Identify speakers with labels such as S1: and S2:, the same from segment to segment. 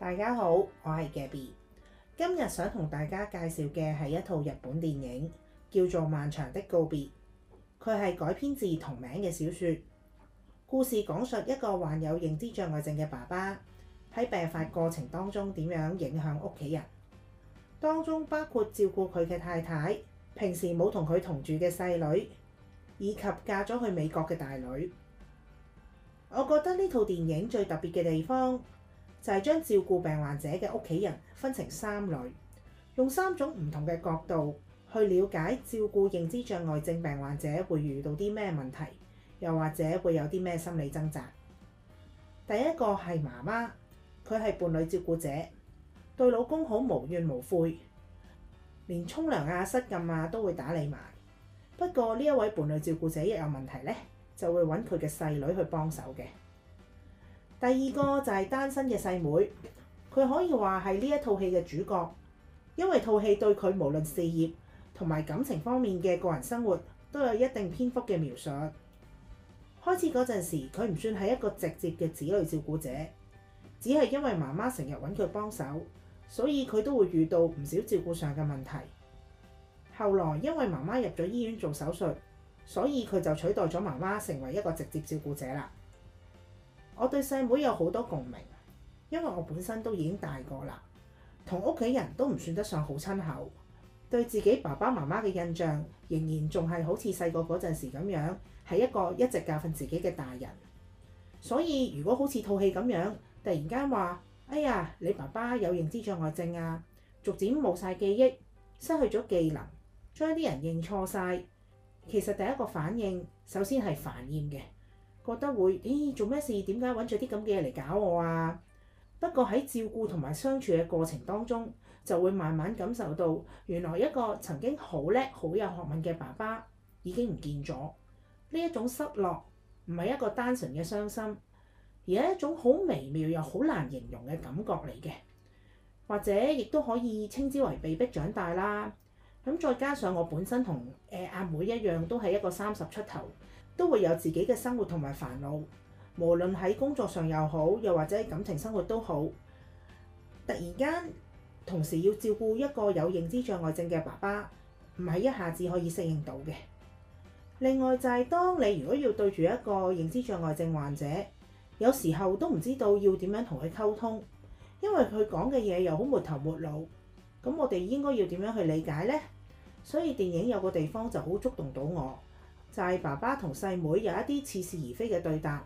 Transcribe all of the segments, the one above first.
S1: 大家好，我係 Gabby，今日想同大家介紹嘅係一套日本電影，叫做《漫長的告別》，佢係改編自同名嘅小說。故事講述一個患有認知障礙症嘅爸爸喺病發過程當中點樣影響屋企人，當中包括照顧佢嘅太太，平時冇同佢同住嘅細女，以及嫁咗去美國嘅大女。我覺得呢套電影最特別嘅地方。就係將照顧病患者嘅屋企人分成三類，用三種唔同嘅角度去了解照顧認知障礙症病患者會遇到啲咩問題，又或者會有啲咩心理掙扎。第一個係媽媽，佢係伴侶照顧者，對老公好無怨無悔，連沖涼啊、失禁啊都會打理埋。不過呢一位伴侶照顧者一有問題咧，就會揾佢嘅細女去幫手嘅。第二個就係單身嘅細妹。佢可以話係呢一套戲嘅主角，因為套戲對佢無論事業同埋感情方面嘅個人生活都有一定篇幅嘅描述。開始嗰陣時，佢唔算係一個直接嘅子女照顧者，只係因為媽媽成日揾佢幫手，所以佢都會遇到唔少照顧上嘅問題。後來因為媽媽入咗醫院做手術，所以佢就取代咗媽媽成為一個直接照顧者啦。我對細妹有好多共鳴，因為我本身都已經大個啦，同屋企人都唔算得上好親厚，對自己爸爸媽媽嘅印象仍然仲係好似細個嗰陣時咁樣，係一個一直教訓自己嘅大人。所以如果好似套戲咁樣，突然間話：「哎呀，你爸爸有認知障礙症啊，逐漸冇晒記憶，失去咗技能，將啲人認錯晒。」其實第一個反應首先係煩厭嘅。覺得會咦、欸、做咩事？點解揾咗啲咁嘅嘢嚟搞我啊？不過喺照顧同埋相處嘅過程當中，就會慢慢感受到原來一個曾經好叻、好有學問嘅爸爸已經唔見咗。呢一種失落唔係一個單純嘅傷心，而係一種好微妙又好難形容嘅感覺嚟嘅，或者亦都可以稱之為被迫長大啦。咁再加上我本身同誒、呃、阿妹一樣，都係一個三十出頭，都會有自己嘅生活同埋煩惱，無論喺工作上又好，又或者感情生活都好。突然間，同時要照顧一個有認知障礙症嘅爸爸，唔係一下子可以適應到嘅。另外就係當你如果要對住一個認知障礙症患者，有時候都唔知道要點樣同佢溝通，因為佢講嘅嘢又好沒頭沒腦。咁我哋應該要點樣去理解呢？所以電影有個地方就好觸動到我。就係爸爸同細妹有一啲似是而非嘅對答，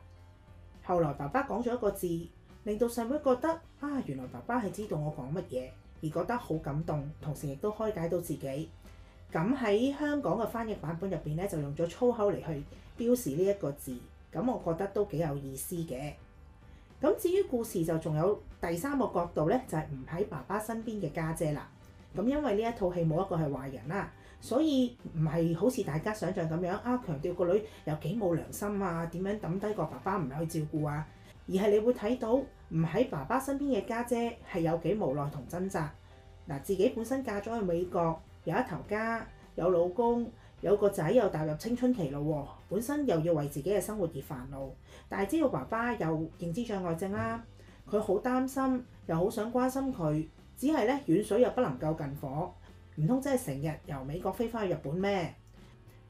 S1: 後來爸爸講咗一個字，令到細妹覺得啊，原來爸爸係知道我講乜嘢，而覺得好感動，同時亦都開解到自己。咁喺香港嘅翻譯版本入邊咧，就用咗粗口嚟去標示呢一個字，咁我覺得都幾有意思嘅。咁至於故事就仲有第三個角度咧，就係唔喺爸爸身邊嘅家姐啦。咁因為呢一套戲冇一個係壞人啦。所以唔係好似大家想象咁樣啊，強調個女有幾冇良心啊？點樣抌低個爸爸唔去照顧啊？而係你會睇到唔喺爸爸身邊嘅家姐係有幾無奈同掙扎、啊、自己本身嫁咗去美國，有一頭家，有老公，有個仔又踏入青春期嘞喎、啊，本身又要為自己嘅生活而煩惱，但係知道爸爸有認知障礙症啦、啊，佢好擔心又好想關心佢，只係咧遠水又不能夠近火。唔通真係成日由美國飛翻去日本咩？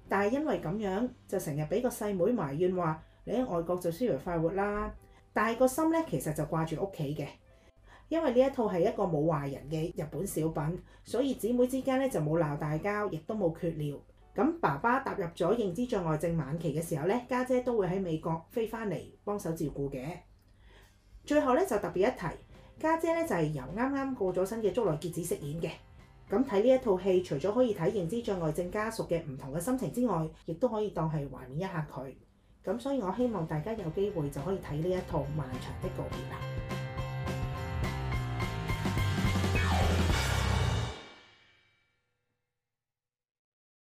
S1: 但係因為咁樣就成日俾個細妹，妹埋怨話：你喺外國就逍遙快活啦。但係個心咧其實就掛住屋企嘅，因為呢一套係一個冇壞人嘅日本小品，所以姊妹之間咧就冇鬧大交，亦都冇決了。咁爸爸踏入咗認知障礙症晚期嘅時候咧，家姐，姐都會喺美國飛翻嚟幫手照顧嘅。最後咧就特別一提，家姐咧就係、是、由啱啱過咗身嘅竹內結子飾演嘅。咁睇呢一套戲，除咗可以睇認知障礙症家屬嘅唔同嘅心情之外，亦都可以當係懷念一下佢。咁所以我希望大家有機會就可以睇呢一套漫長的告別。